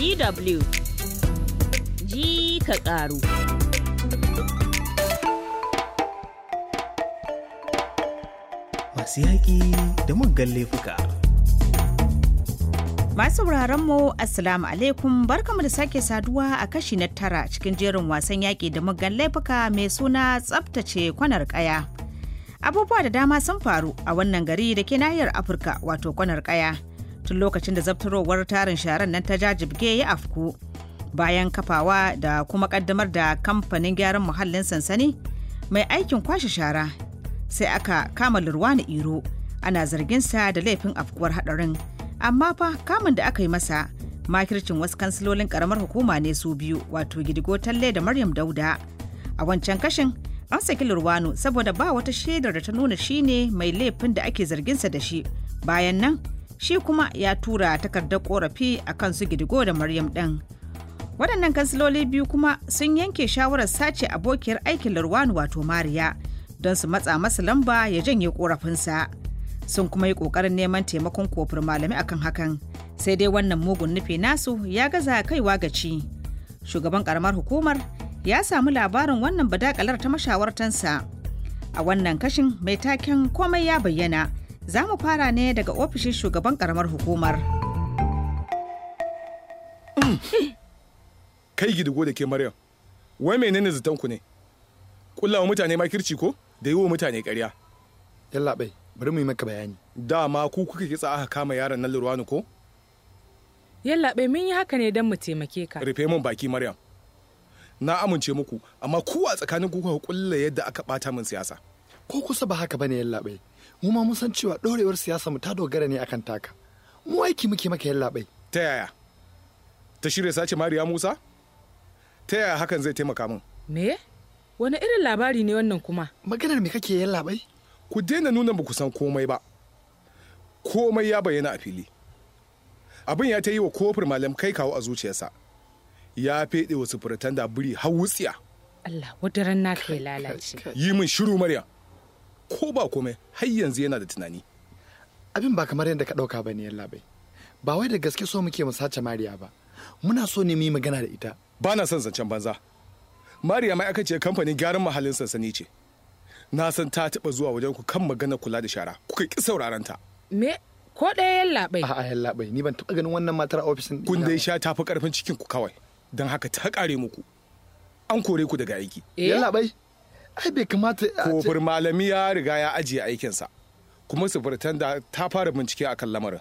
DW ji ka ƙaru. Masu yaƙi da muggan laifuka. Masu mu Assalamu alaikum barkamu da sake saduwa a kashi na tara cikin jerin wasan yaƙi da muggan laifuka mai suna tsaftace kwanar ƙaya. Abubuwa da dama sun faru a wannan gari da ke nahiyar Afirka wato kwanar ƙaya. tun lokacin da zabtarowar tarin sharan nan ta jajibge ya afku bayan kafawa da kuma kaddamar da kamfanin gyaran muhallin sansani mai aikin kwashe shara sai aka kama lurwani iro ana zarginsa da laifin afkuwar hadarin amma fa kamun da aka yi masa makircin wasu kansilolin karamar hukuma ne su biyu wato gidigo talle da maryam dauda a wancan kashin an saki lurwano saboda ba wata shaidar da ta nuna shine mai laifin da ake zarginsa da shi bayan nan shi kuma ya tura takardar korafi a kan su gidigo da maryam ɗan. waɗannan kansiloli biyu kuma sun yanke shawarar sace abokiyar aikin larwani wato mariya don su matsa masa lamba ya janye korafinsa sun kuma yi ƙoƙarin neman taimakon kofar malami akan hakan sai dai wannan mugun nufi nasu ya gaza kaiwa ga ci shugaban karamar hukumar ya samu labarin wannan badakalar ta mashawartansa a wannan kashin mai taken komai ya bayyana Za mu fara ne daga ofishin shugaban karamar hukumar. Kai gidigo da ke Maryam, wai menene zaton ku ne? Kullawa mutane makirci ko da yi wa mutane ƙarya. bai, bari mu yi maka bayani. Dama ku kuka kitsa aka kama yaron nan Lurwani ko? bai mun yi haka ne don mu taimake ka. Rufe mun baki Maryam. Na amince muku, amma ku a tsakanin kuka kulla yadda aka bata min siyasa. Ko kusa ba haka bane bai. mu ma mun san cewa ɗorewar siyasa mu ta dogara ne akan taka mu aiki muke maka yallaɓai ta yaya ta shirya sace mariya musa ta yaya hakan zai taimaka min me wani irin labari ne wannan kuma maganar me kake yallaɓai ku daina nuna ba ku san komai ba komai ya bayyana a fili abin ya ta yi wa kofar malam kai kawo a zuciyarsa ya feɗe wa sufuratan da buri har wutsiya Allah wadaran na kai lalace yi min shiru maryam ko ba komai har yanzu yana da tunani abin ba kamar yadda ka ɗauka ba ne yalla bai ba wai da gaske so muke mu sace mariya ba muna so ne mu yi magana da ita ba na son zancen banza mariya mai aka ce kamfanin gyaran mahallin sansani ce na san ta taɓa zuwa wajen ku kan magana kula da shara kuka ki sauraron ta me ko ɗaya yalla bai a'a yalla bai ni ban taɓa ganin wannan matar ofishin kun dai sha tafi karfin cikin ku kawai don haka ta kare muku an kore ku daga aiki eh? yalla bai ai bai kamata kofar malami ya riga ya ajiye aikinsa kuma sufurtan da ta fara bincike a kan lamarin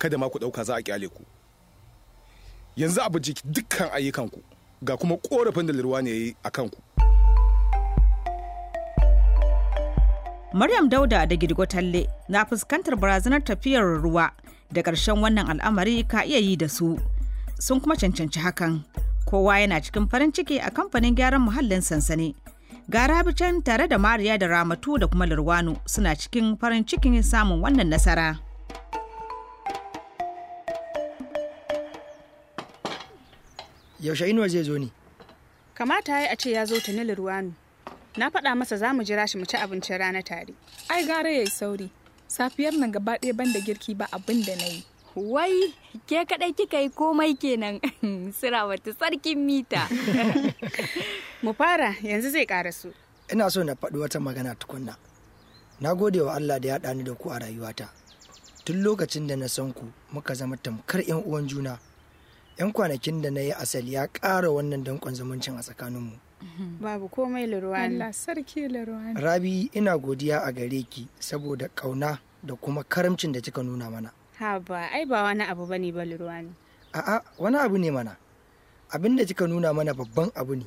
kada ma ku ɗauka za a kyale ku yanzu a jiki dukkan ayyukanku ga kuma korafin da lirwa ne ya yi a kanku Maryam Dauda da Girgo Talle na fuskantar barazanar tafiyar ruwa da ƙarshen wannan al'amari ka iya yi da su. Sun kuma cancanci hakan. Kowa yana cikin farin ciki a kamfanin gyaran muhallin sansani Ga tare da Mariya da Ramatu da kuma Lurwano suna cikin farin cikin samun wannan nasara. Yaushe Inuwa zai zo ne? Kamata ya a ce ya zo tuni Lurwano. Na faɗa masa za mu jira shi mu ci abincin rana tare. Ai gara ya yi sauri. Safiyar nan gaba ɗaya banda girki ba abin da na yi. wai ke kaɗai kika yi komai kenan sira wata sarkin mita mu fara yanzu zai karasu ina so na faɗi wata magana tukunna na gode wa Allah da ya ɗani da ku a rayuwata tun lokacin da na san ku muka zama tamkar yan uwan juna yan kwanakin da na yi asali ya ƙara wannan dankon zumuncin a tsakaninmu babu komai sarki rabi ina godiya a gare ki saboda ƙauna da kuma karamcin da kika nuna mana Haba, ai ba wani abu bane Balruwani. A'a, wani abu ne mana. Abin da kika nuna mana babban abu ne.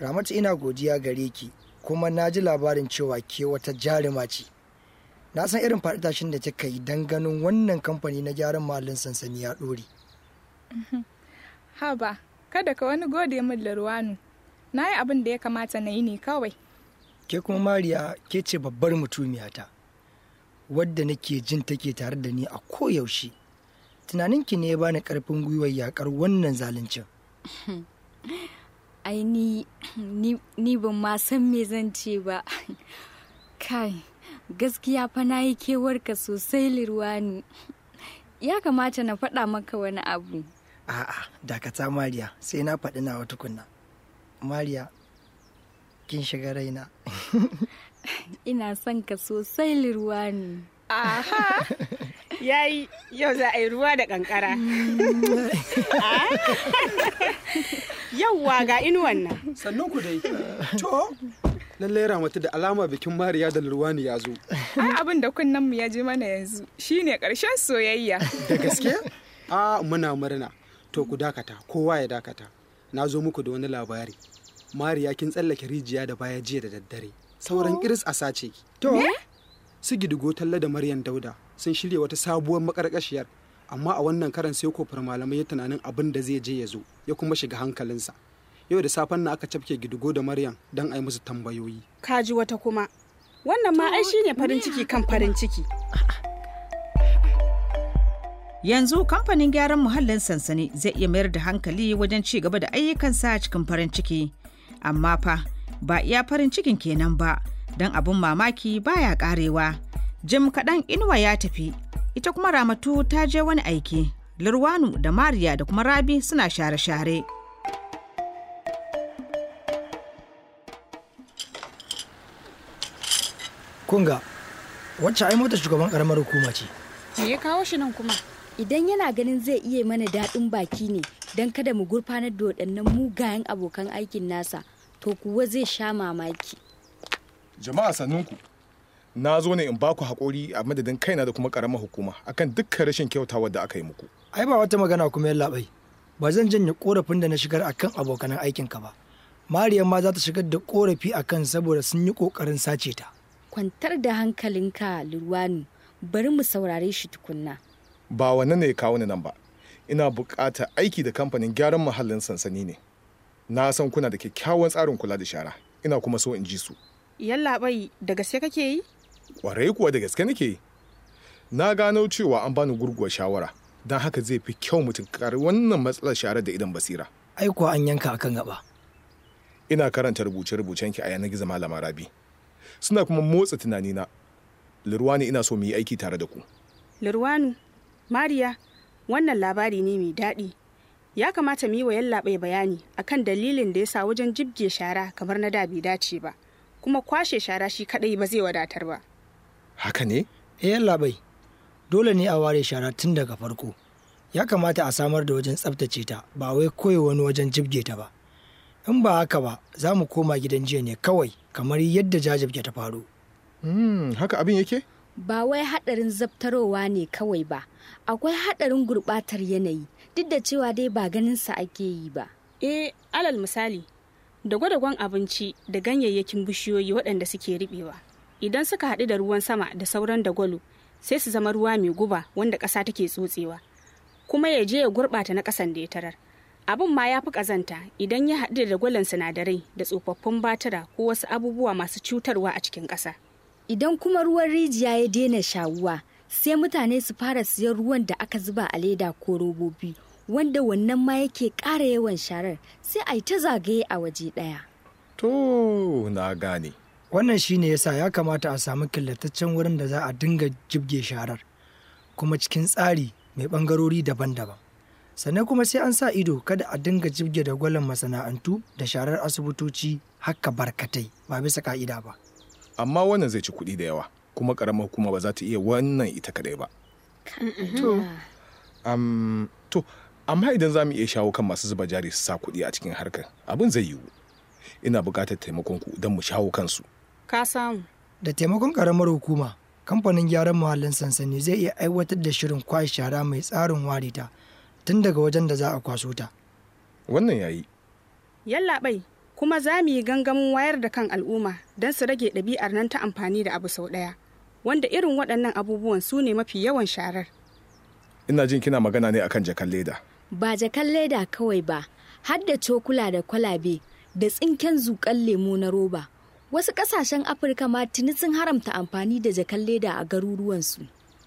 Ramatu ina godiya gare ki, kuma na ji labarin cewa ke wata jarima ce. Na san irin faɗi da kika yi don ganin wannan kamfani na gyaran mahallin sansani ya ɗore. Haba, kada ka wani gode min Larwanu. Na yi abin da ya kamata na yi ne kawai. Ke kuma Mariya, ke ce babbar mutumiyata. wadda nake jin take tare da ni a koyaushe tunaninki ne ya bani karfin gwiwar yakar wannan zaluncin ai ni ni ban ma san me zan ce ba kai gaskiya fa na yi kewarka sosai ne. ya kamata na faɗa maka wani abu a'a dakata mariya sai na faɗi na wata kunna mariya kin shiga raina Ina son ka sosai ruwa ne. Aha! yi yau za a yi ruwa da kankara. Yauwa ga inu wannan Sannan ku dai. To, lallai ramatu da alama bikin mariya da ne ya zo. Ai abin da kunnen mu ya ji mana yanzu shine karshen soyayya. Da gaske? A muna murna. To ku dakata, kowa ya dakata. Na zo muku da wani labari. Mariya kin tsallake rijiya da baya jiya da daddare. sauran iris a sace to su gidigo talla da maryam dauda sun shirya wata sabuwar makarkashiyar amma a wannan karan sai kofar malamai ya tunanin abin da zai je ya zo ya kuma shiga hankalinsa yau da safen na aka cafke gidigo da maryam don a yi musu tambayoyi kaji wata kuma wannan ma ai shine farin ciki kan farin ciki yanzu kamfanin gyaran muhallin sansani zai iya mayar da hankali wajen ci gaba da ayyukansa cikin farin ciki amma fa ba iya farin cikin kenan ba don abin mamaki baya karewa jim kaɗan inuwa ya tafi ita kuma ramatu ta je wani aiki lurwanu da mariya da kuma rabi suna share-share kunga wacce ai mota shugaban karamar hukuma ce me ya kawo shi nan kuma idan yana ganin zai iya mana daɗin baki ne don kada mu gurfanar da waɗannan mugayen abokan aikin nasa to kuwa zai sha mamaki jama'a sannunku na zo ne in ba ku haƙori a madadin kai na da kuma ƙaramar hukuma akan dukkan rashin kyauta da aka yi muku ai ba wata magana kuma yalla bai ba zan janye korafin da na shigar akan abokanan aikinka ba mariya ma za ta shigar da korafi akan saboda sun yi ƙoƙarin sace ta kwantar da hankalinka lurwani bari mu saurare shi tukunna ba wannan ne ya kawo ni nan ba ina buƙatar aiki da kamfanin gyaran muhallin sansani ne na san kuna da kyakkyawan tsarin kula da shara ina kuma so in ji su yalla bai da gaske kake yi kwarai kuwa da gaske nake yi na gano cewa an bani gurguwar shawara don haka zai fi kyau mutum kare wannan matsalar shara da idan basira ai kuwa an yanka akan gaba ina karanta rubuce-rubucen ki a yanar gizo malama rabi suna kuma motsa tunani na. lirwani ina so mu yi aiki tare da ku lirwani mariya wannan labari ne mai daɗi ya kamata mu yi wa yallaɓai bayani akan dalilin da ya sa wajen jibge shara kamar na da bai dace ba kuma kwashe shara shi kadai ba zai wadatar ba haka ne eh yallaɓai dole ne a ware shara tun daga farko ya kamata a samar da wajen tsaftace ta ba wai koyi wani wajen jibge ta ba in ba haka ba za mu koma gidan jiya ne kawai kamar yadda jajibge ta faru hmm, haka abin yake ba wai haɗarin zabtarowa ne kawai ba akwai haɗarin gurɓatar yanayi duk da cewa dai ba ganinsa ake yi ba eh alal misali da gwadagwan abinci da ganyayyakin bishiyoyi waɗanda suke riɓewa idan suka haɗu da ruwan sama da sauran dagwalo sai su zama ruwa mai guba wanda ƙasa take tsotsewa kuma ya je ya gurɓata na ƙasan da ya tarar abin ma ya fi ƙazanta idan ya haɗu da dagwalon sinadarai da tsofaffin batira ko wasu abubuwa masu cutarwa a cikin ƙasa Idan kuma ruwan rijiya ya daina shawuwa, sai mutane su fara siyan ruwan da aka zuba a leda ko robobi, wanda wannan ma yake ƙara yawan sharar sai a yi ta zagaye a waje ɗaya. To, na gane. Wannan shi ne yasa ya kamata a samu killataccen wurin da za a dinga jibge sharar, kuma cikin tsari mai ɓangarori daban-daban. sannan kuma sai an sa ido kada a dinga jibge da gwalin masana'antu da sharar asibitoci haka barkatai ba bisa ka'ida ba amma wannan zai ci kuɗi da yawa kuma ƙaramar hukuma ba za ta iya wannan ita kaɗai ba to amma idan za mu iya shawo kan masu zuba jari su sa kuɗi a cikin harkar abin zai yiwu ina buƙatar taimakon ku don mu shawo kansu ka samu da taimakon ƙaramar hukuma kamfanin gyaran muhallin sansani zai iya aiwatar da shirin kwashe shara mai tsarin warita tun daga wajen da za a kwaso ta wannan yayi yallaɓai kuma za mu yi gangamin wayar da kan al'umma don su rage ɗabi'ar nan ta amfani da abu sau ɗaya wanda irin waɗannan abubuwan su ne mafi yawan sharar ina jin kina magana ne akan jakan leda ba jakan leda kawai ba har da cokula da kwalabe da tsinken zukan lemo na roba wasu kasashen afirka ma tuni sun haramta amfani da jakan leda a garuruwansu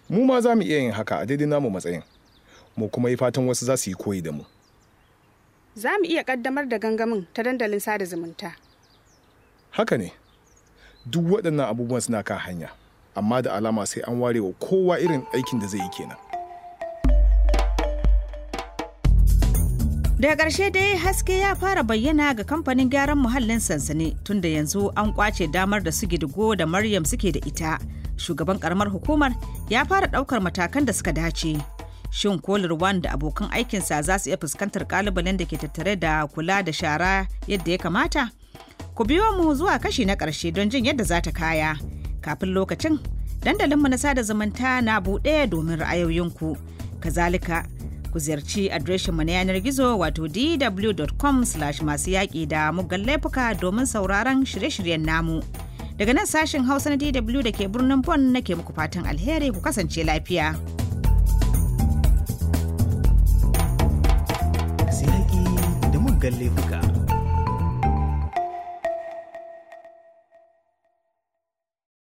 mu ma za mu iya yin haka a daidai namu matsayin mu kuma yi fatan wasu za su yi koyi da mu za mu iya kaddamar da gangamin ta dandalin sada zumunta. Haka ne, duk waɗannan abubuwan suna kan hanya, amma da alama sai an ware wa kowa irin aikin da zai yi kenan. Daga ƙarshe dai haske ya fara bayyana ga kamfanin gyaran muhallin sansani tunda yanzu an kwace damar da su gidigo da Maryam suke da ita. Shugaban ƙaramar hukumar ya fara ɗaukar matakan da suka dace. shin ko Lirwan da abokan aikinsa za su iya fuskantar kalubalen da ke tattare da kula da shara yadda ya kamata? Ku biyo mu zuwa kashi na ƙarshe don jin yadda za ta kaya. Kafin lokacin, dandalinmu na sada zumunta na buɗe domin ra'ayoyinku. Kazalika, ku ziyarci adireshinmu na yanar gizo wato dw.com masu yaƙi da muggan laifuka domin sauraron shirye-shiryen namu. Daga nan sashen Hausa na DW da ke birnin Bonn nake muku fatan alheri ku kasance lafiya. Galivka.